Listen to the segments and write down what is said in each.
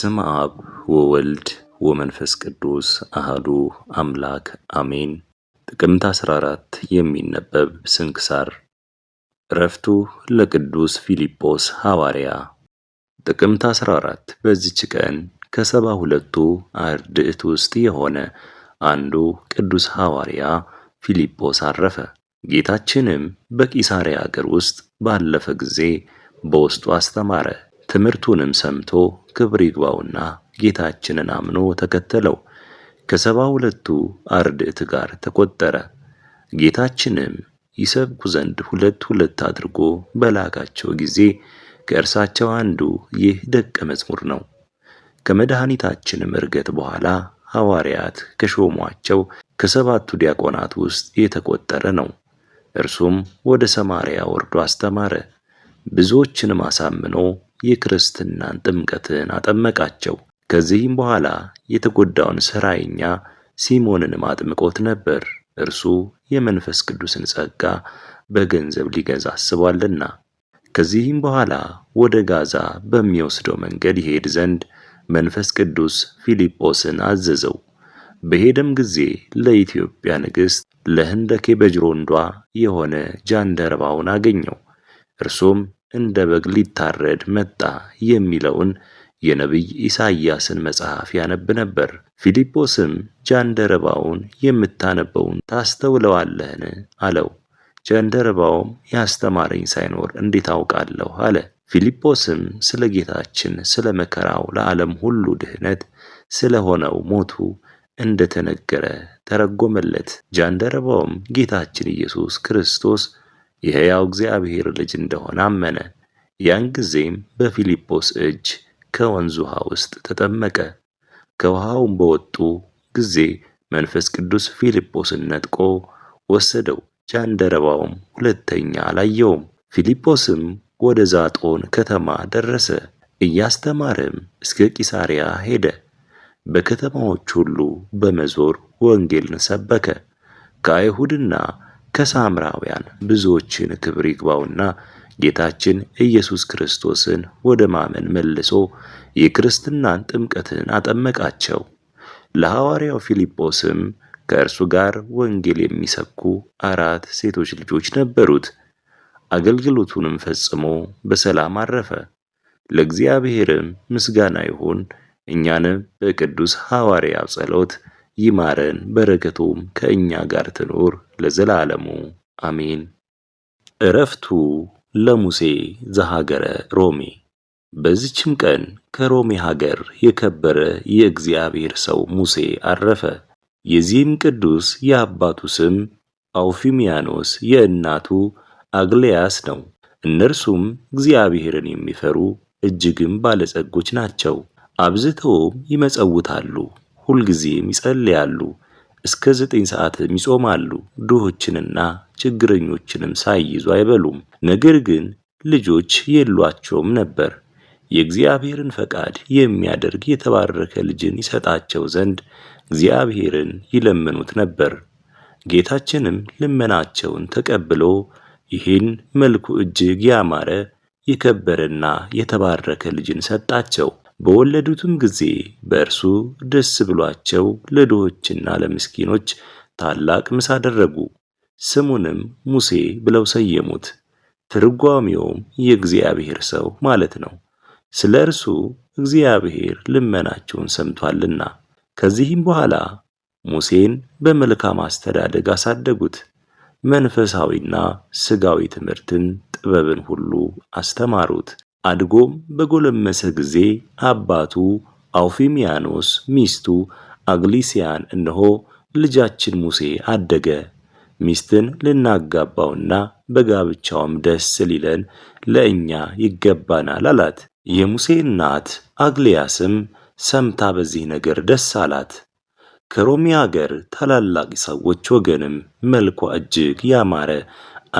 በስም አብ ወወልድ ወመንፈስ ቅዱስ አህዱ አምላክ አሜን። ጥቅምት 14 የሚነበብ ስንክሳር። እረፍቱ ለቅዱስ ፊልጶስ ሐዋርያ። ጥቅምት 14 በዚች ቀን ከሰባ ሁለቱ አርድእት ውስጥ የሆነ አንዱ ቅዱስ ሐዋርያ ፊልጶስ አረፈ። ጌታችንም በቂሳሪያ አገር ውስጥ ባለፈ ጊዜ በውስጡ አስተማረ። ትምህርቱንም ሰምቶ ክብር ይግባውና ጌታችንን አምኖ ተከተለው። ከሰባ ሁለቱ አርድእት ጋር ተቆጠረ። ጌታችንም ይሰብኩ ዘንድ ሁለት ሁለት አድርጎ በላካቸው ጊዜ ከእርሳቸው አንዱ ይህ ደቀ መዝሙር ነው። ከመድኃኒታችንም እርገት በኋላ ሐዋርያት ከሾሟቸው ከሰባቱ ዲያቆናት ውስጥ የተቆጠረ ነው። እርሱም ወደ ሰማርያ ወርዶ አስተማረ፣ ብዙዎችንም አሳምኖ የክርስትናን ጥምቀትን አጠመቃቸው። ከዚህም በኋላ የተጎዳውን ሥራየኛ ሲሞንንም አጥምቆት ነበር፣ እርሱ የመንፈስ ቅዱስን ጸጋ በገንዘብ ሊገዛ አስቧልና። ከዚህም በኋላ ወደ ጋዛ በሚወስደው መንገድ ይሄድ ዘንድ መንፈስ ቅዱስ ፊልጶስን አዘዘው። በሄደም ጊዜ ለኢትዮጵያ ንግሥት ለህንደኬ በጅሮንዷ የሆነ ጃንደረባውን አገኘው። እርሱም እንደ በግ ሊታረድ መጣ የሚለውን የነቢይ ኢሳይያስን መጽሐፍ ያነብ ነበር። ፊልጶስም ጃንደረባውን የምታነበውን ታስተውለዋለህን? አለው። ጃንደረባውም ያስተማረኝ ሳይኖር እንዴት አውቃለሁ? አለ። ፊልጶስም ስለ ጌታችን ስለ መከራው ለዓለም ሁሉ ድህነት ስለ ሆነው ሞቱ እንደተነገረ ተረጎመለት። ጃንደረባውም ጌታችን ኢየሱስ ክርስቶስ የሕያው እግዚአብሔር ልጅ እንደሆነ አመነ። ያን ጊዜም በፊልጶስ እጅ ከወንዝ ውሃ ውስጥ ተጠመቀ። ከውሃውም በወጡ ጊዜ መንፈስ ቅዱስ ፊልጶስን ነጥቆ ወሰደው፣ ጃንደረባውም ሁለተኛ አላየውም። ፊልጶስም ወደ ዛጦን ከተማ ደረሰ፣ እያስተማረም እስከ ቂሳሪያ ሄደ። በከተማዎች ሁሉ በመዞር ወንጌልን ሰበከ። ከአይሁድና ከሳምራውያን ብዙዎችን ክብር ይግባውና ጌታችን ኢየሱስ ክርስቶስን ወደ ማመን መልሶ የክርስትናን ጥምቀትን አጠመቃቸው። ለሐዋርያው ፊልጶስም ከእርሱ ጋር ወንጌል የሚሰብኩ አራት ሴቶች ልጆች ነበሩት። አገልግሎቱንም ፈጽሞ በሰላም አረፈ። ለእግዚአብሔርም ምስጋና ይሁን። እኛንም በቅዱስ ሐዋርያው ጸሎት ይማረን፣ በረከቱም ከእኛ ጋር ትኑር ለዘላለሙ አሜን። እረፍቱ ለሙሴ ዘሀገረ ሮሜ። በዚችም ቀን ከሮሜ ሀገር የከበረ የእግዚአብሔር ሰው ሙሴ አረፈ። የዚህም ቅዱስ የአባቱ ስም አውፊሚያኖስ የእናቱ አግሊያስ ነው። እነርሱም እግዚአብሔርን የሚፈሩ እጅግም ባለጸጎች ናቸው። አብዝተውም ይመጸውታሉ። ሁልጊዜም ይጸልያሉ፣ እስከ ዘጠኝ ሰዓትም ይጾማሉ። ድሆችንና ችግረኞችንም ሳይይዙ አይበሉም። ነገር ግን ልጆች የሏቸውም ነበር። የእግዚአብሔርን ፈቃድ የሚያደርግ የተባረከ ልጅን ይሰጣቸው ዘንድ እግዚአብሔርን ይለምኑት ነበር። ጌታችንም ልመናቸውን ተቀብሎ ይህን መልኩ እጅግ ያማረ የከበረና የተባረከ ልጅን ሰጣቸው። በወለዱትም ጊዜ በእርሱ ደስ ብሏቸው ለድሆችና ለምስኪኖች ታላቅ ምሳ አደረጉ። ስሙንም ሙሴ ብለው ሰየሙት። ትርጓሚውም የእግዚአብሔር ሰው ማለት ነው። ስለ እርሱ እግዚአብሔር ልመናቸውን ሰምቷልና። ከዚህም በኋላ ሙሴን በመልካም አስተዳደግ አሳደጉት። መንፈሳዊና ስጋዊ ትምህርትን ጥበብን ሁሉ አስተማሩት። አድጎም በጎለመሰ ጊዜ አባቱ አውፊሚያኖስ ሚስቱ አግሊሲያን እነሆ ልጃችን ሙሴ አደገ፣ ሚስትን ልናጋባውና በጋብቻውም ደስ ሊለን ለእኛ ይገባናል አላት። የሙሴ እናት አግሊያስም ሰምታ በዚህ ነገር ደስ አላት። ከሮሚ አገር ታላላቅ ሰዎች ወገንም መልኳ እጅግ ያማረ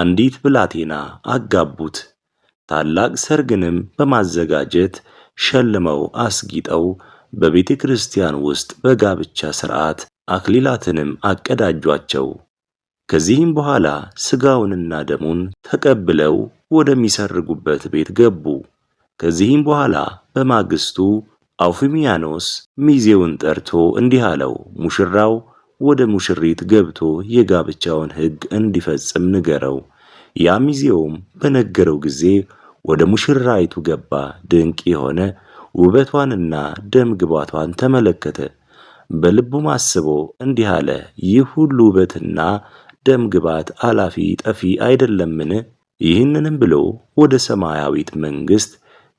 አንዲት ብላቴና አጋቡት። ታላቅ ሰርግንም በማዘጋጀት ሸልመው አስጊጠው በቤተ ክርስቲያን ውስጥ በጋብቻ ሥርዓት አክሊላትንም አቀዳጇቸው። ከዚህም በኋላ ሥጋውንና ደሙን ተቀብለው ወደሚሰርጉበት ቤት ገቡ። ከዚህም በኋላ በማግስቱ አውፊሚያኖስ ሚዜውን ጠርቶ እንዲህ አለው፣ ሙሽራው ወደ ሙሽሪት ገብቶ የጋብቻውን ሕግ እንዲፈጽም ንገረው። ያ ሚዜውም በነገረው ጊዜ ወደ ሙሽራይቱ ገባ። ድንቅ የሆነ ውበቷንና ደም ግባቷን ተመለከተ። በልቡም አስቦ እንዲህ አለ፣ ይህ ሁሉ ውበትና ደም ግባት አላፊ ጠፊ አይደለምን? ይህንንም ብሎ ወደ ሰማያዊት መንግሥት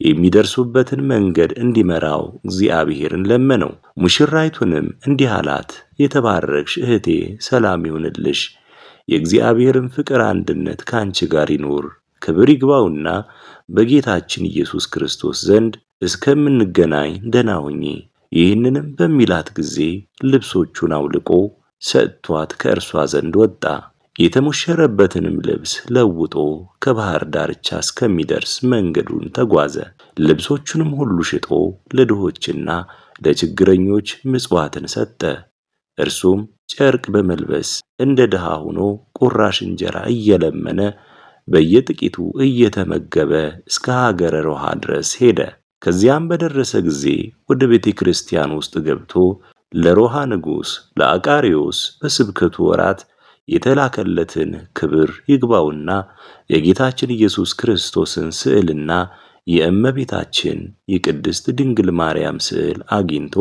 የሚደርሱበትን መንገድ እንዲመራው እግዚአብሔርን ለመነው። ሙሽራይቱንም እንዲህ አላት፣ የተባረክሽ እህቴ ሰላም ይሁንልሽ፣ የእግዚአብሔርን ፍቅር አንድነት ካንቺ ጋር ይኑር። ክብር ይግባውና በጌታችን ኢየሱስ ክርስቶስ ዘንድ እስከምንገናኝ ደህና ሁኚ። ይህንንም በሚላት ጊዜ ልብሶቹን አውልቆ ሰጥቷት ከእርሷ ዘንድ ወጣ። የተሞሸረበትንም ልብስ ለውጦ ከባህር ዳርቻ እስከሚደርስ መንገዱን ተጓዘ። ልብሶቹንም ሁሉ ሽጦ ለድሆችና ለችግረኞች ምጽዋትን ሰጠ። እርሱም ጨርቅ በመልበስ እንደ ድሃ ሆኖ ቁራሽ እንጀራ እየለመነ በየጥቂቱ እየተመገበ እስከ ሀገረ ሮሃ ድረስ ሄደ። ከዚያም በደረሰ ጊዜ ወደ ቤተ ክርስቲያን ውስጥ ገብቶ ለሮሃ ንጉሥ ለአቃሪዎስ በስብከቱ ወራት የተላከለትን ክብር ይግባውና የጌታችን ኢየሱስ ክርስቶስን ስዕልና የእመቤታችን የቅድስት ድንግል ማርያም ስዕል አግኝቶ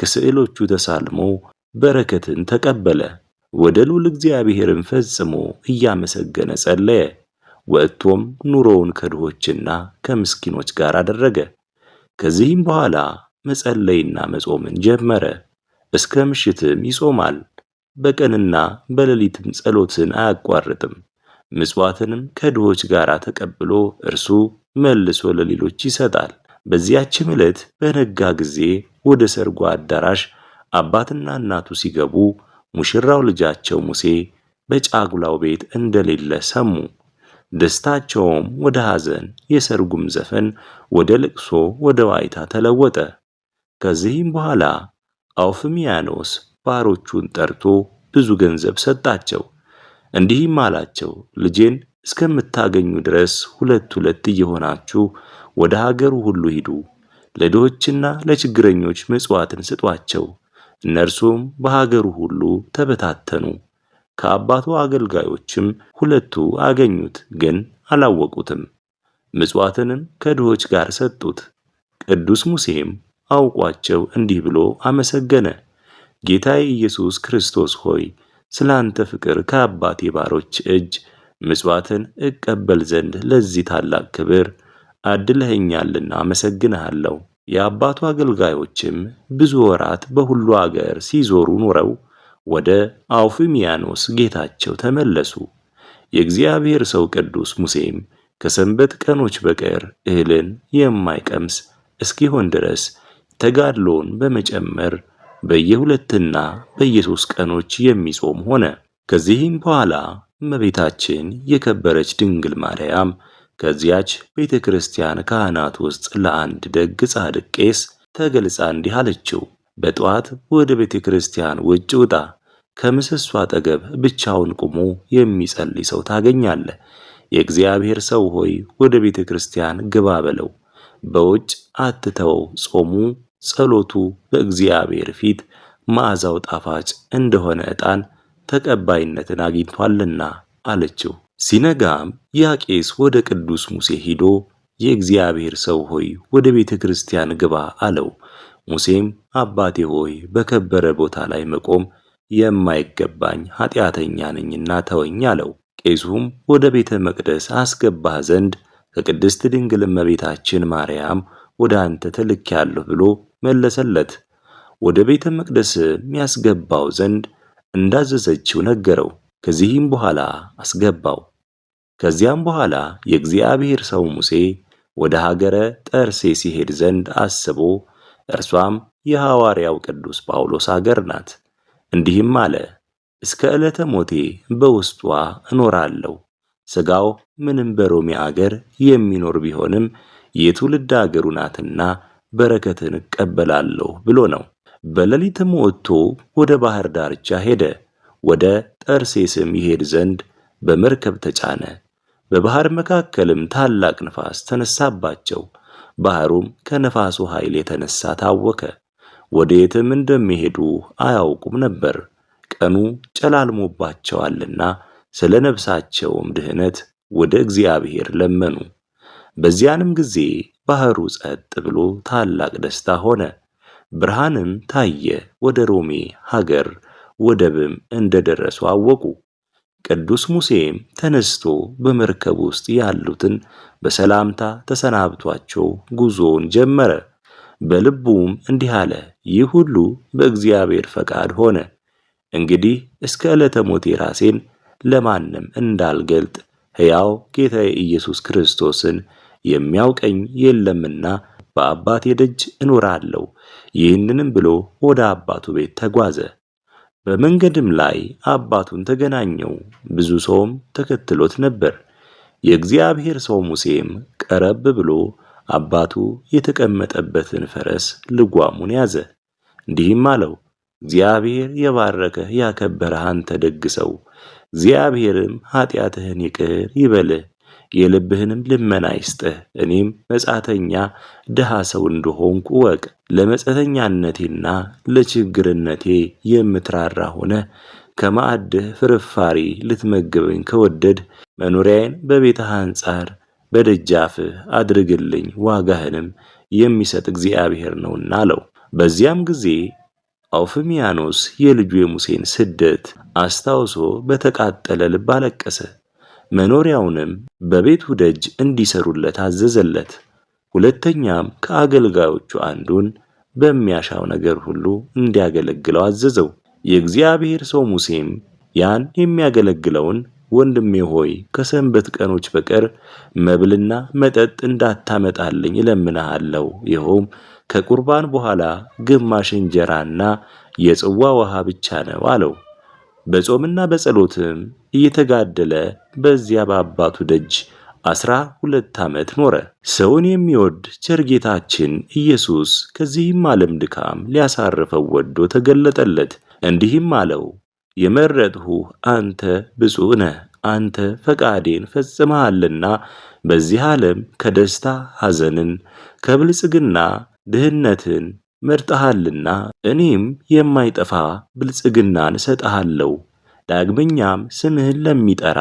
ከስዕሎቹ ተሳልሞ በረከትን ተቀበለ። ወደ ልዑል እግዚአብሔርን ፈጽሞ እያመሰገነ ጸለየ። ወጥቶም ኑሮውን ከድሆችና ከምስኪኖች ጋር አደረገ። ከዚህም በኋላ መጸለይና መጾምን ጀመረ። እስከ ምሽትም ይጾማል። በቀንና በሌሊትም ጸሎትን አያቋርጥም። ምጽዋትንም ከድሆች ጋር ተቀብሎ እርሱ መልሶ ለሌሎች ይሰጣል። በዚያችም ዕለት በነጋ ጊዜ ወደ ሰርጎ አዳራሽ አባትና እናቱ ሲገቡ ሙሽራው ልጃቸው ሙሴ በጫጉላው ቤት እንደሌለ ሰሙ። ደስታቸውም ወደ ሐዘን፣ የሰርጉም ዘፈን ወደ ልቅሶ፣ ወደ ዋይታ ተለወጠ። ከዚህም በኋላ አውፍሚያኖስ ባሮቹን ጠርቶ ብዙ ገንዘብ ሰጣቸው። እንዲህም አላቸው፣ ልጄን እስከምታገኙ ድረስ ሁለት ሁለት እየሆናችሁ ወደ ሀገሩ ሁሉ ሂዱ፣ ለድሆችና ለችግረኞች ምጽዋትን ስጧቸው። እነርሱም በሀገሩ ሁሉ ተበታተኑ። ከአባቱ አገልጋዮችም ሁለቱ አገኙት፣ ግን አላወቁትም። ምጽዋትንም ከድሆች ጋር ሰጡት። ቅዱስ ሙሴም አውቋቸው እንዲህ ብሎ አመሰገነ። ጌታዬ ኢየሱስ ክርስቶስ ሆይ ስለ አንተ ፍቅር ከአባቴ ባሮች እጅ ምጽዋትን እቀበል ዘንድ ለዚህ ታላቅ ክብር አድለኸኛልና አመሰግንሃለሁ። የአባቱ አገልጋዮችም ብዙ ወራት በሁሉ አገር ሲዞሩ ኖረው ወደ አውፍሚያኖስ ጌታቸው ተመለሱ። የእግዚአብሔር ሰው ቅዱስ ሙሴም ከሰንበት ቀኖች በቀር እህልን የማይቀምስ እስኪሆን ድረስ ተጋድሎውን በመጨመር በየሁለትና በየሶስት ቀኖች የሚጾም ሆነ። ከዚህም በኋላ እመቤታችን የከበረች ድንግል ማርያም ከዚያች ቤተ ክርስቲያን ካህናት ውስጥ ለአንድ ደግ ጻድቅ ቄስ ተገልጻ እንዲህ አለችው። በጠዋት ወደ ቤተ ክርስቲያን ውጭ ውጣ። ከምሰሶ አጠገብ ብቻውን ቆሞ የሚጸልይ ሰው ታገኛለህ። የእግዚአብሔር ሰው ሆይ ወደ ቤተ ክርስቲያን ግባ በለው። በውጭ አትተወው። ጾሙ፣ ጸሎቱ በእግዚአብሔር ፊት መዓዛው ጣፋጭ እንደሆነ ዕጣን ተቀባይነትን አግኝቷልና አለችው። ሲነጋም ያ ቄስ ወደ ቅዱስ ሙሴ ሂዶ የእግዚአብሔር ሰው ሆይ ወደ ቤተ ክርስቲያን ግባ አለው። ሙሴም አባቴ ሆይ በከበረ ቦታ ላይ መቆም የማይገባኝ ኃጢአተኛ ነኝና ተወኝ አለው። ቄሱም ወደ ቤተ መቅደስ አስገባህ ዘንድ ከቅድስት ድንግል እመቤታችን ማርያም ወደ አንተ ተልኬአለሁ ብሎ መለሰለት። ወደ ቤተ መቅደስ የሚያስገባው ዘንድ እንዳዘዘችው ነገረው። ከዚህም በኋላ አስገባው። ከዚያም በኋላ የእግዚአብሔር ሰው ሙሴ ወደ ሀገረ ጠርሴ ሲሄድ ዘንድ አስቦ እርሷም የሐዋርያው ቅዱስ ጳውሎስ አገር ናት። እንዲህም አለ፣ እስከ ዕለተ ሞቴ በውስጧ እኖራለሁ። ሥጋው ምንም በሮሜ አገር የሚኖር ቢሆንም የትውልድ አገሩ ናትና በረከትን እቀበላለሁ ብሎ ነው። በሌሊትም ወጥቶ ወደ ባህር ዳርቻ ሄደ። ወደ ጠርሴስም ይሄድ ዘንድ በመርከብ ተጫነ። በባህር መካከልም ታላቅ ንፋስ ተነሳባቸው። ባህሩም ከነፋሱ ኃይል የተነሳ ታወከ። ወዴትም እንደሚሄዱ አያውቁም ነበር፣ ቀኑ ጨላልሞባቸዋልና። ስለ ነፍሳቸውም ድኅነት ወደ እግዚአብሔር ለመኑ። በዚያንም ጊዜ ባህሩ ጸጥ ብሎ ታላቅ ደስታ ሆነ፣ ብርሃንም ታየ። ወደ ሮሜ ሀገር ወደብም እንደደረሱ አወቁ። ቅዱስ ሙሴም ተነስቶ በመርከብ ውስጥ ያሉትን በሰላምታ ተሰናብቷቸው ጉዞውን ጀመረ። በልቡም እንዲህ አለ፣ ይህ ሁሉ በእግዚአብሔር ፈቃድ ሆነ። እንግዲህ እስከ ዕለተ ሞቴ ራሴን ለማንም እንዳልገልጥ ሕያው ጌታ ኢየሱስ ክርስቶስን የሚያውቀኝ የለምና በአባቴ ደጅ እኖራለሁ። ይህንንም ብሎ ወደ አባቱ ቤት ተጓዘ። በመንገድም ላይ አባቱን ተገናኘው፣ ብዙ ሰውም ተከትሎት ነበር። የእግዚአብሔር ሰው ሙሴም ቀረብ ብሎ አባቱ የተቀመጠበትን ፈረስ ልጓሙን ያዘ፣ እንዲህም አለው፦ እግዚአብሔር የባረከህ ያከበረህ አንተ ደግ ሰው፣ እግዚአብሔርም ኃጢአትህን ይቅር ይበልህ የልብህንም ልመና ይስጥህ። እኔም መጻተኛ ድሃ ሰው እንደሆንኩ እወቅ። ለመጻተኛነቴና ለችግርነቴ የምትራራ ሆነ ከማዕድህ ፍርፋሪ ልትመግበኝ ከወደድ መኖሪያዬን በቤትህ አንጻር በደጃፍህ አድርግልኝ፣ ዋጋህንም የሚሰጥ እግዚአብሔር ነውና አለው። በዚያም ጊዜ አውፍሚያኖስ የልጁ የሙሴን ስደት አስታውሶ በተቃጠለ ልብ አለቀሰ። መኖሪያውንም በቤቱ ደጅ እንዲሰሩለት አዘዘለት። ሁለተኛም ከአገልጋዮቹ አንዱን በሚያሻው ነገር ሁሉ እንዲያገለግለው አዘዘው። የእግዚአብሔር ሰው ሙሴም ያን የሚያገለግለውን ወንድሜ ሆይ ከሰንበት ቀኖች በቀር መብልና መጠጥ እንዳታመጣልኝ እለምንሃለሁ፣ ይኸውም ከቁርባን በኋላ ግማሽ እንጀራና የጽዋ ውሃ ብቻ ነው አለው። በጾምና በጸሎትም እየተጋደለ በዚያ በአባቱ ደጅ አስራ ሁለት ዓመት ኖረ። ሰውን የሚወድ ቸር ጌታችን ኢየሱስ ከዚህም ዓለም ድካም ሊያሳርፈው ወዶ ተገለጠለት። እንዲህም አለው፣ የመረጥሁ አንተ ብፁዕ ነህ። አንተ ፈቃዴን ፈጽመሃልና በዚህ ዓለም ከደስታ ሐዘንን፣ ከብልጽግና ድህነትን መርጠሃልና እኔም የማይጠፋ ብልጽግናን እሰጥሃለሁ። ዳግመኛም ስምህን ለሚጠራ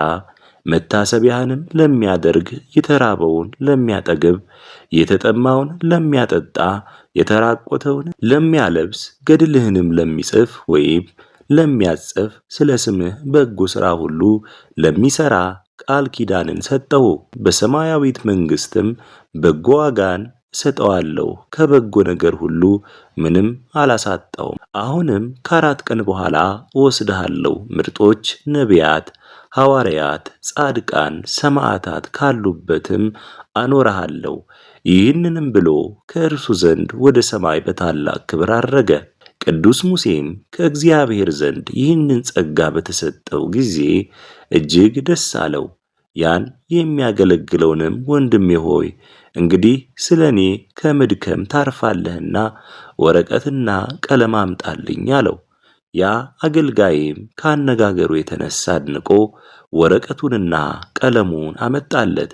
መታሰቢያህንም ለሚያደርግ የተራበውን ለሚያጠግብ፣ የተጠማውን ለሚያጠጣ፣ የተራቆተውን ለሚያለብስ፣ ገድልህንም ለሚጽፍ ወይም ለሚያጽፍ ስለ ስምህ በጎ ሥራ ሁሉ ለሚሠራ ቃል ኪዳንን ሰጠው። በሰማያዊት መንግሥትም በጎ ዋጋን ሰጠዋለው ከበጎ ነገር ሁሉ ምንም አላሳጣውም። አሁንም ከአራት ቀን በኋላ እወስድሃለሁ። ምርጦች ነቢያት፣ ሐዋርያት፣ ጻድቃን፣ ሰማዕታት ካሉበትም አኖረሃለሁ። ይህንንም ብሎ ከእርሱ ዘንድ ወደ ሰማይ በታላቅ ክብር አረገ። ቅዱስ ሙሴም ከእግዚአብሔር ዘንድ ይህንን ጸጋ በተሰጠው ጊዜ እጅግ ደስ አለው። ያን የሚያገለግለውንም ወንድሜ ሆይ እንግዲህ ስለ እኔ ከመድከም ታርፋለህና ወረቀትና ቀለም አምጣልኝ አለው። ያ አገልጋይም ካነጋገሩ የተነሳ አድንቆ ወረቀቱንና ቀለሙን አመጣለት።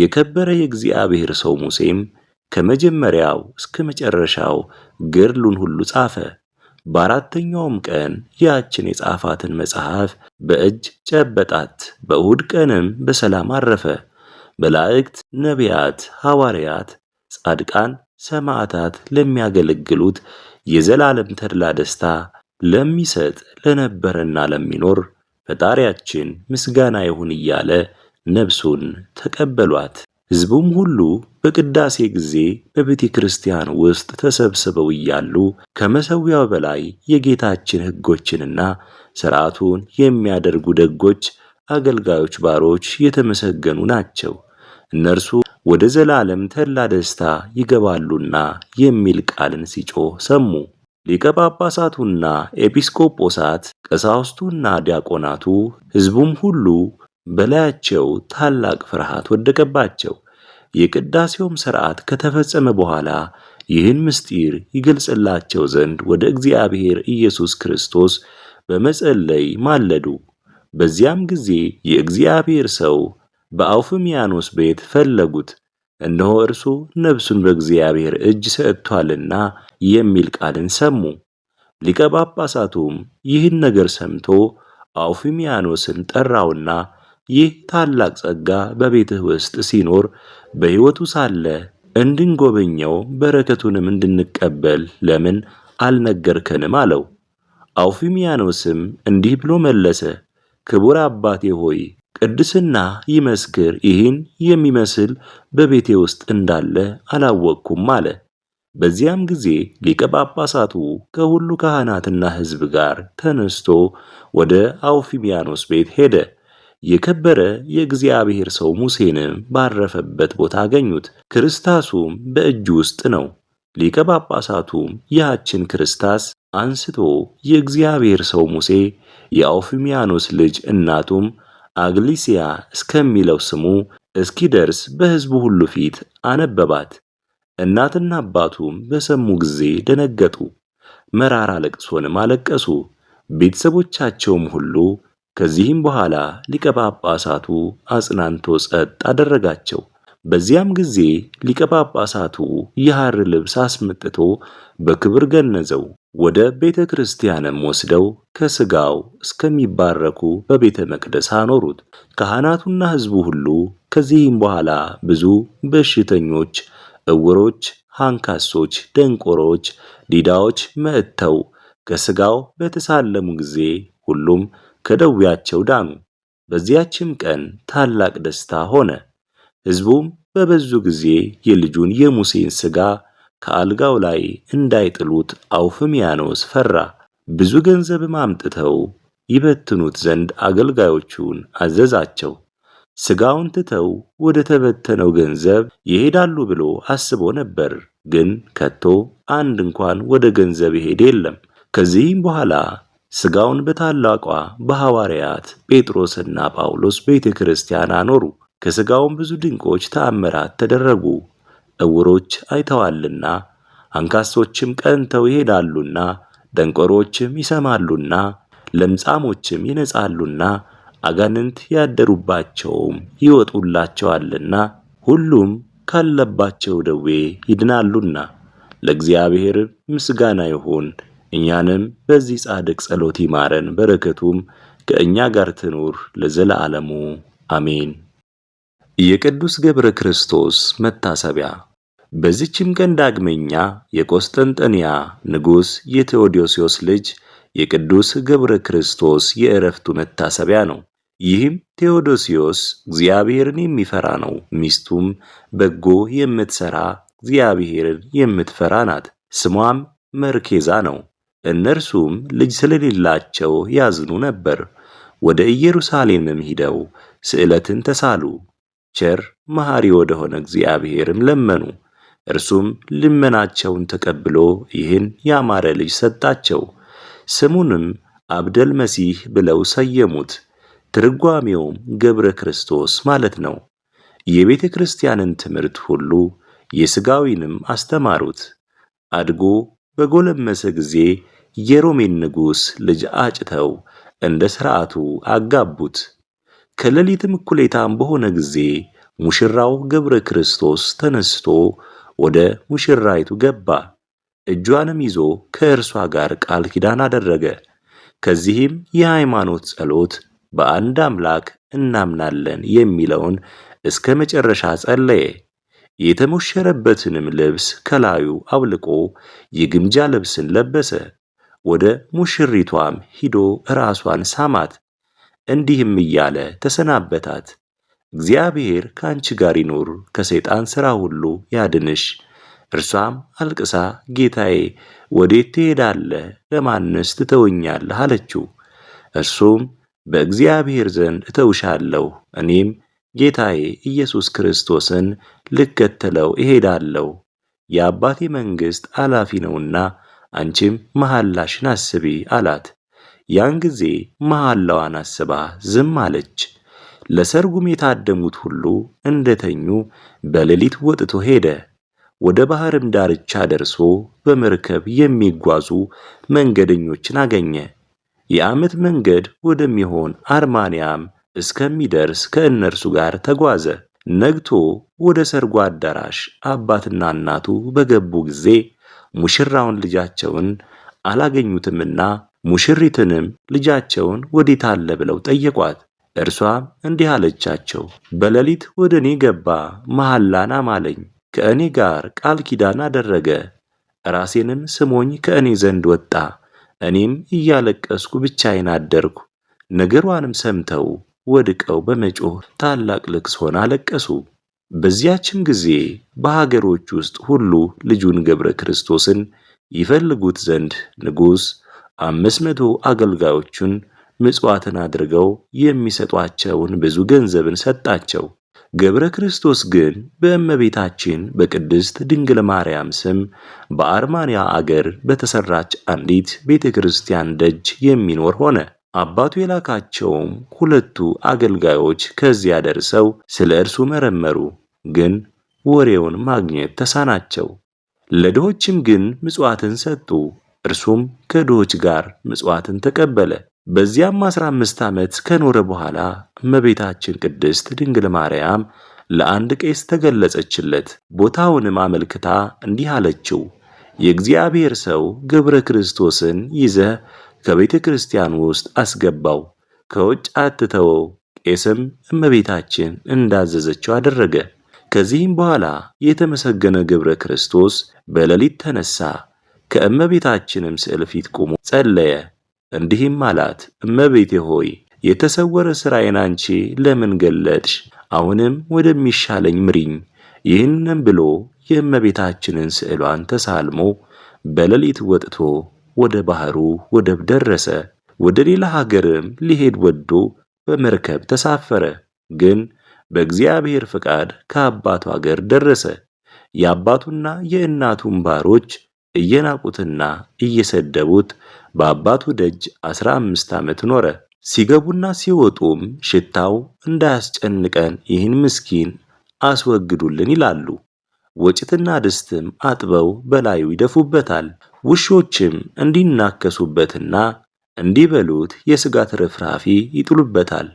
የከበረ የእግዚአብሔር ሰው ሙሴም ከመጀመሪያው እስከ መጨረሻው ገድሉን ሁሉ ጻፈ። በአራተኛውም ቀን ያችን የጻፋትን መጽሐፍ በእጅ ጨበጣት። በእሁድ ቀንም በሰላም አረፈ። መላእክት፣ ነቢያት፣ ሐዋርያት፣ ጻድቃን፣ ሰማዕታት ለሚያገለግሉት የዘላለም ተድላ ደስታ ለሚሰጥ ለነበረና ለሚኖር ፈጣሪያችን ምስጋና ይሁን እያለ ነብሱን ተቀበሏት። ሕዝቡም ሁሉ በቅዳሴ ጊዜ በቤተ ክርስቲያን ውስጥ ተሰብስበው እያሉ ከመሠዊያው በላይ የጌታችን ሕጎችንና ሥርዓቱን የሚያደርጉ ደጎች አገልጋዮች ባሮች የተመሰገኑ ናቸው፣ እነርሱ ወደ ዘላለም ተድላ ደስታ ይገባሉና የሚል ቃልን ሲጮህ ሰሙ። ሊቀ ጳጳሳቱና ኤጲስቆጶሳት፣ ቀሳውስቱና ዲያቆናቱ፣ ሕዝቡም ሁሉ በላያቸው ታላቅ ፍርሃት ወደቀባቸው። የቅዳሴውም ሥርዓት ከተፈጸመ በኋላ ይህን ምስጢር ይገልጽላቸው ዘንድ ወደ እግዚአብሔር ኢየሱስ ክርስቶስ በመጸለይ ማለዱ። በዚያም ጊዜ የእግዚአብሔር ሰው በአውፍሚያኖስ ቤት ፈለጉት፣ እነሆ እርሱ ነፍሱን በእግዚአብሔር እጅ ሰጥቷልና የሚል ቃልን ሰሙ። ሊቀ ጳጳሳቱም ይህን ነገር ሰምቶ አውፊሚያኖስን ጠራውና ይህ ታላቅ ጸጋ በቤትህ ውስጥ ሲኖር በሕይወቱ ሳለ እንድንጎበኘው በረከቱንም እንድንቀበል ለምን አልነገርከንም? አለው። አውፊሚያኖስም እንዲህ ብሎ መለሰ፣ ክቡር አባቴ ሆይ ቅድስና ይመስክር፣ ይህን የሚመስል በቤቴ ውስጥ እንዳለ አላወቅኩም አለ። በዚያም ጊዜ ሊቀ ጳጳሳቱ ከሁሉ ካህናትና ሕዝብ ጋር ተነስቶ ወደ አውፊሚያኖስ ቤት ሄደ። የከበረ የእግዚአብሔር ሰው ሙሴንም ባረፈበት ቦታ አገኙት። ክርስታሱም በእጅ ውስጥ ነው። ሊቀ ጳጳሳቱም ያችን ክርስታስ አንስቶ የእግዚአብሔር ሰው ሙሴ የአውፊሚያኖስ ልጅ እናቱም አግሊሲያ እስከሚለው ስሙ እስኪደርስ በሕዝቡ ሁሉ ፊት አነበባት። እናትና አባቱም በሰሙ ጊዜ ደነገጡ፣ መራራ ለቅሶንም አለቀሱ። ቤተሰቦቻቸውም ሁሉ ከዚህም በኋላ ሊቀ ጳጳሳቱ አጽናንቶ ጸጥ አደረጋቸው። በዚያም ጊዜ ሊቀ ጳጳሳቱ የሐር ልብስ አስመጥቶ በክብር ገነዘው። ወደ ቤተ ክርስቲያንም ወስደው ከስጋው እስከሚባረኩ በቤተ መቅደስ አኖሩት። ካህናቱና ሕዝቡ ሁሉ ከዚህም በኋላ ብዙ በሽተኞች፣ እውሮች፣ አንካሶች፣ ደንቆሮች፣ ዲዳዎች መጥተው ከስጋው በተሳለሙ ጊዜ ሁሉም ከደዌያቸው ዳኑ። በዚያችም ቀን ታላቅ ደስታ ሆነ። ሕዝቡም በበዙ ጊዜ የልጁን የሙሴን ሥጋ ከአልጋው ላይ እንዳይጥሉት አውፍምያኖስ ፈራ። ብዙ ገንዘብም አምጥተው ይበትኑት ዘንድ አገልጋዮቹን አዘዛቸው። ሥጋውን ትተው ወደ ተበተነው ገንዘብ ይሄዳሉ ብሎ አስቦ ነበር፣ ግን ከቶ አንድ እንኳን ወደ ገንዘብ ይሄድ የለም። ከዚህም በኋላ ሥጋውን በታላቋ በሐዋርያት ጴጥሮስና ጳውሎስ ቤተ ክርስቲያን አኖሩ። ከሥጋውም ብዙ ድንቆች ተአምራት ተደረጉ። ዕውሮች አይተዋልና አንካሶችም ቀንተው ይሄዳሉና ደንቆሮችም ይሰማሉና ለምጻሞችም ይነጻሉና አጋንንት ያደሩባቸውም ይወጡላቸዋልና ሁሉም ካለባቸው ደዌ ይድናሉና። ለእግዚአብሔር ምስጋና ይሁን። እኛንም በዚህ ጻድቅ ጸሎት ይማረን፣ በረከቱም ከእኛ ጋር ትኑር ለዘለዓለሙ አሜን። የቅዱስ ገብረ ክርስቶስ መታሰቢያ። በዚችም ቀን ዳግመኛ የቆስጠንጠንያ ንጉሥ የቴዎዶስዮስ ልጅ የቅዱስ ገብረ ክርስቶስ የእረፍቱ መታሰቢያ ነው። ይህም ቴዎዶስዮስ እግዚአብሔርን የሚፈራ ነው። ሚስቱም በጎ የምትሠራ እግዚአብሔርን የምትፈራ ናት። ስሟም መርኬዛ ነው። እነርሱም ልጅ ስለሌላቸው ያዝኑ ነበር። ወደ ኢየሩሳሌምም ሂደው ስዕለትን ተሳሉ። ቸር መሐሪ ወደሆነ እግዚአብሔርም ለመኑ። እርሱም ልመናቸውን ተቀብሎ ይህን ያማረ ልጅ ሰጣቸው። ስሙንም አብደል መሲህ ብለው ሰየሙት። ትርጓሜውም ገብረ ክርስቶስ ማለት ነው። የቤተ ክርስቲያንን ትምህርት ሁሉ የሥጋዊንም አስተማሩት። አድጎ በጎለመሰ ጊዜ የሮሜን ንጉሥ ልጅ አጭተው እንደ ሥርዓቱ አጋቡት። ከሌሊትም እኩሌታም በሆነ ጊዜ ሙሽራው ገብረ ክርስቶስ ተነስቶ ወደ ሙሽራይቱ ገባ፣ እጇንም ይዞ ከእርሷ ጋር ቃል ኪዳን አደረገ። ከዚህም የሃይማኖት ጸሎት በአንድ አምላክ እናምናለን የሚለውን እስከ መጨረሻ ጸለየ። የተሞሸረበትንም ልብስ ከላዩ አውልቆ የግምጃ ልብስን ለበሰ። ወደ ሙሽሪቷም ሂዶ ራሷን ሳማት። እንዲህም እያለ ተሰናበታት። እግዚአብሔር ከአንቺ ጋር ይኑር፣ ከሰይጣን ሥራ ሁሉ ያድንሽ። እርሷም አልቅሳ ጌታዬ ወዴት ትሄዳለህ? ለማንስ ትተውኛለህ? አለችው። እርሱም በእግዚአብሔር ዘንድ እተውሻለሁ፣ እኔም ጌታዬ ኢየሱስ ክርስቶስን ልከተለው እሄዳለሁ። የአባቴ መንግሥት አላፊ ነውና አንቺም መሐላሽን አስቢ አላት። ያን ጊዜ መሐላዋን አስባ ዝም አለች። ለሰርጉም የታደሙት ሁሉ እንደተኙ በሌሊት ወጥቶ ሄደ። ወደ ባህርም ዳርቻ ደርሶ በመርከብ የሚጓዙ መንገደኞችን አገኘ። የዓመት መንገድ ወደሚሆን አርማንያም እስከሚደርስ ከእነርሱ ጋር ተጓዘ። ነግቶ ወደ ሰርጉ አዳራሽ አባትና እናቱ በገቡ ጊዜ ሙሽራውን ልጃቸውን አላገኙትምና ሙሽሪትንም ልጃቸውን ወዴት አለ ብለው ጠየቋት። እርሷም እንዲህ አለቻቸው፣ በሌሊት ወደ እኔ ገባ፣ መሐላን አማለኝ፣ ከእኔ ጋር ቃል ኪዳን አደረገ፣ ራሴንም ስሞኝ ከእኔ ዘንድ ወጣ። እኔም እያለቀስኩ ብቻዬን አደርኩ። ነገሯንም ሰምተው ወድቀው በመጮህ ታላቅ ሆነ አለቀሱ። በዚያችም ጊዜ በሀገሮች ውስጥ ሁሉ ልጁን ገብረ ክርስቶስን ይፈልጉት ዘንድ ንጉሥ አምስት መቶ አገልጋዮቹን ምጽዋትን አድርገው የሚሰጧቸውን ብዙ ገንዘብን ሰጣቸው። ገብረ ክርስቶስ ግን በእመቤታችን በቅድስት ድንግል ማርያም ስም በአርማንያ አገር በተሰራች አንዲት ቤተ ክርስቲያን ደጅ የሚኖር ሆነ። አባቱ የላካቸውም ሁለቱ አገልጋዮች ከዚያ ደርሰው ስለ እርሱ መረመሩ፣ ግን ወሬውን ማግኘት ተሳናቸው። ለድሆችም ግን ምጽዋትን ሰጡ። እርሱም ከድሆች ጋር ምጽዋትን ተቀበለ። በዚያም አስራ አምስት ዓመት ከኖረ በኋላ እመቤታችን ቅድስት ድንግል ማርያም ለአንድ ቄስ ተገለጸችለት። ቦታውንም አመልክታ እንዲህ አለችው፣ የእግዚአብሔር ሰው ገብረ ክርስቶስን ይዘህ ከቤተ ክርስቲያን ውስጥ አስገባው፣ ከውጭ አትተወው። ቄስም እመቤታችን እንዳዘዘችው አደረገ። ከዚህም በኋላ የተመሰገነ ገብረ ክርስቶስ በሌሊት ተነሳ። ከእመቤታችንም ስዕል ፊት ቆሞ ጸለየ። እንዲህም አላት፣ እመቤቴ ሆይ የተሰወረ ሥራዬን አንቺ ለምን ገለጥሽ? አሁንም ወደሚሻለኝ ምሪኝ። ይህንም ብሎ የእመቤታችንን ስዕሏን ተሳልሞ በሌሊት ወጥቶ ወደ ባህሩ ወደብ ደረሰ። ወደ ሌላ ሀገርም ሊሄድ ወዶ በመርከብ ተሳፈረ። ግን በእግዚአብሔር ፍቃድ ከአባቱ አገር ደረሰ። የአባቱና የእናቱን ባሮች እየናቁትና እየሰደቡት በአባቱ ደጅ አሥራ አምስት ዓመት ኖረ። ሲገቡና ሲወጡም ሽታው እንዳያስጨንቀን ይህን ምስኪን አስወግዱልን ይላሉ። ወጭትና ድስትም አጥበው በላዩ ይደፉበታል። ውሾችም እንዲናከሱበትና እንዲበሉት የስጋት ርፍራፊ ይጥሉበታል።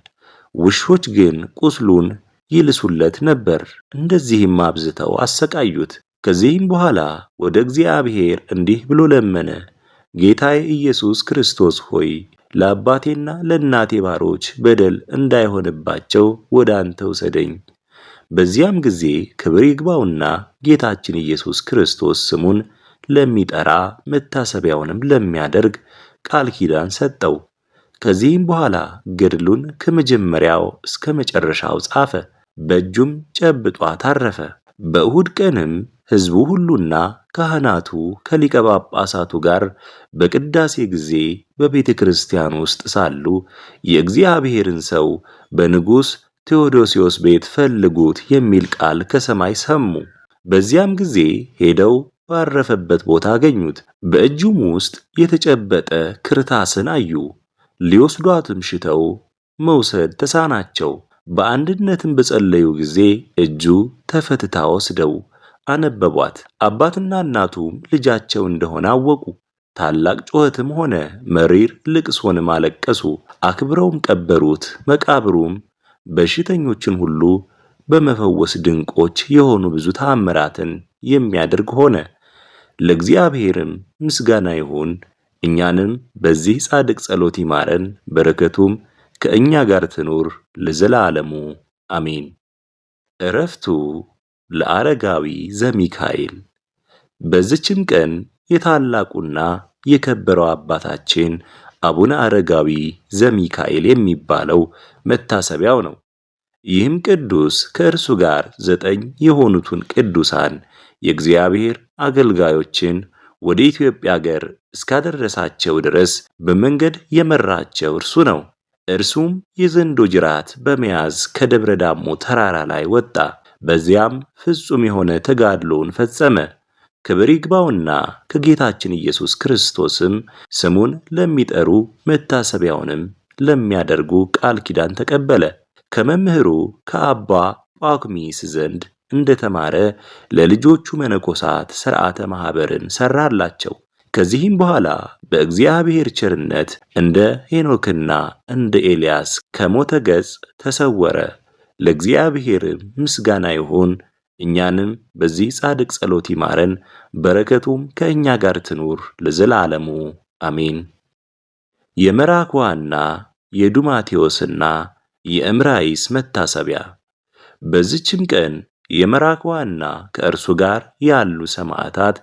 ውሾች ግን ቁስሉን ይልሱለት ነበር። እንደዚህም አብዝተው አሰቃዩት። ከዚህም በኋላ ወደ እግዚአብሔር እንዲህ ብሎ ለመነ። ጌታዬ ኢየሱስ ክርስቶስ ሆይ ለአባቴና ለእናቴ ባሮች በደል እንዳይሆንባቸው ወደ አንተ ውሰደኝ። በዚያም ጊዜ ክብር ይግባውና ጌታችን ኢየሱስ ክርስቶስ ስሙን ለሚጠራ መታሰቢያውንም ለሚያደርግ ቃል ኪዳን ሰጠው። ከዚህም በኋላ ገድሉን ከመጀመሪያው እስከ መጨረሻው ጻፈ፣ በእጁም ጨብጧ ታረፈ። በእሁድ ቀንም ሕዝቡ ሁሉና ካህናቱ ከሊቀ ጳጳሳቱ ጋር በቅዳሴ ጊዜ በቤተ ክርስቲያን ውስጥ ሳሉ የእግዚአብሔርን ሰው በንጉሥ ቴዎዶሲዮስ ቤት ፈልጉት የሚል ቃል ከሰማይ ሰሙ። በዚያም ጊዜ ሄደው ባረፈበት ቦታ አገኙት። በእጁም ውስጥ የተጨበጠ ክርታስን አዩ። ሊወስዷትም ሽተው መውሰድ ተሳናቸው። በአንድነትም በጸለዩ ጊዜ እጁ ተፈትታ ወስደው አነበቧት። አባትና እናቱም ልጃቸው እንደሆነ አወቁ። ታላቅ ጩኸትም ሆነ፣ መሪር ልቅሶንም አለቀሱ። አክብረውም ቀበሩት። መቃብሩም በሽተኞችን ሁሉ በመፈወስ ድንቆች የሆኑ ብዙ ተአምራትን የሚያደርግ ሆነ። ለእግዚአብሔርም ምስጋና ይሁን፣ እኛንም በዚህ ጻድቅ ጸሎት ይማረን፣ በረከቱም ከእኛ ጋር ትኑር ለዘላለሙ አሜን። እረፍቱ ለአረጋዊ ዘሚካኤል በዚችም ቀን የታላቁና የከበረው አባታችን አቡነ አረጋዊ ዘሚካኤል የሚባለው መታሰቢያው ነው። ይህም ቅዱስ ከእርሱ ጋር ዘጠኝ የሆኑትን ቅዱሳን የእግዚአብሔር አገልጋዮችን ወደ ኢትዮጵያ አገር እስካደረሳቸው ድረስ በመንገድ የመራቸው እርሱ ነው። እርሱም የዘንዶ ጅራት በመያዝ ከደብረ ዳሞ ተራራ ላይ ወጣ። በዚያም ፍጹም የሆነ ተጋድሎውን ፈጸመ። ክብር ይግባውና ከጌታችን ኢየሱስ ክርስቶስም ስሙን ለሚጠሩ መታሰቢያውንም ለሚያደርጉ ቃል ኪዳን ተቀበለ። ከመምህሩ ከአባ ጳኩሚስ ዘንድ እንደተማረ ለልጆቹ መነኮሳት ሥርዓተ ማኅበርን ሠራላቸው። ከዚህም በኋላ በእግዚአብሔር ቸርነት እንደ ሄኖክና እንደ ኤልያስ ከሞተ ገጽ ተሰወረ። ለእግዚአብሔር ምስጋና ይሁን። እኛንም በዚህ ጻድቅ ጸሎት ይማረን፣ በረከቱም ከእኛ ጋር ትኑር ለዘላለሙ አሜን። የመራክዋና የዱማቴዎስና የእምራይስ መታሰቢያ። በዚችም ቀን የመራክዋና ከእርሱ ጋር ያሉ ሰማዕታት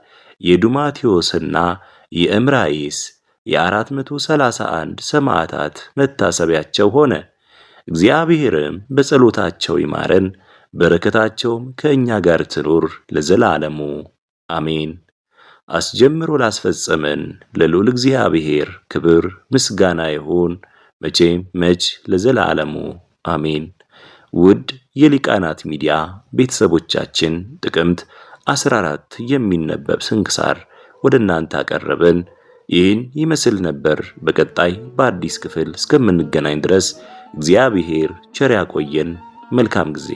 የዱማቴዎስና የእምራይስ የ431 ሰማዕታት መታሰቢያቸው ሆነ። እግዚአብሔርም በጸሎታቸው ይማረን፣ በረከታቸውም ከእኛ ጋር ትኑር ለዘላለሙ አሜን። አስጀምሮ ላስፈጸመን ለልዑል እግዚአብሔር ክብር ምስጋና ይሁን መቼም መች ለዘላለሙ አሜን። ውድ የሊቃናት ሚዲያ ቤተሰቦቻችን ጥቅምት 14 የሚነበብ ስንክሳር ወደ እናንተ አቀረብን። ይህን ይመስል ነበር። በቀጣይ በአዲስ ክፍል እስከምንገናኝ ድረስ እግዚአብሔር ቸር ያቆየን። መልካም ጊዜ